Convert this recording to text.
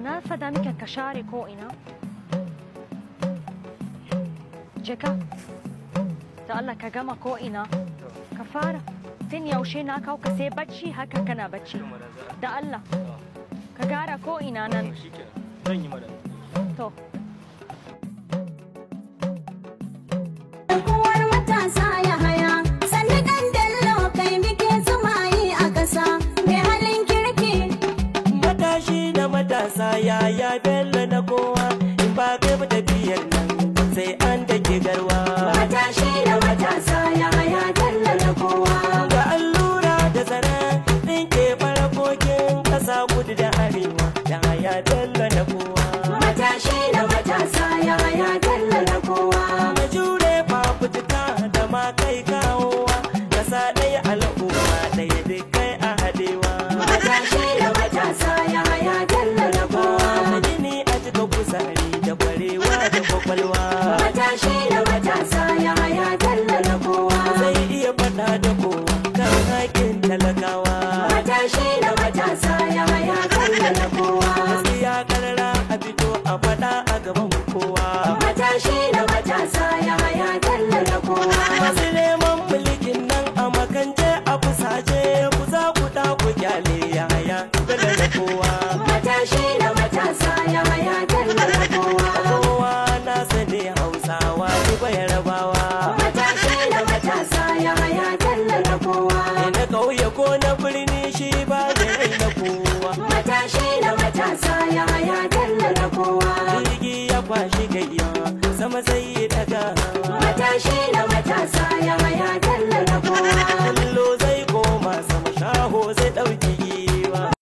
Ona sada mi kaka šare ko ina. Čeka. Da Allah ka gama ko ina. Ka fara. Tun yaushe na kawo ka sai bacci haka kana bacci. Da Allah. Ka gara ko ina nan. To. ya bello na kowa in ba kai ba tafiyar nan sai an dake garwa mata shi da mata matasa ya bello na kowa ga allura da zana tsinke farakokin kasa gudu da arewa ya bello na kowa da kwakwalwa matashi da matasa ya haya talla zai iya faɗa da kowa kan haƙin talakawa matashi da matasa ya haya talla gaskiya karara a fito a faɗa a gaban ya kowa na ƙauye ko na birni shi ba zai na kowa matashi na matasa ya ya tallata kowa jirgi ya kwashi gayya sama sai ya daga matashi na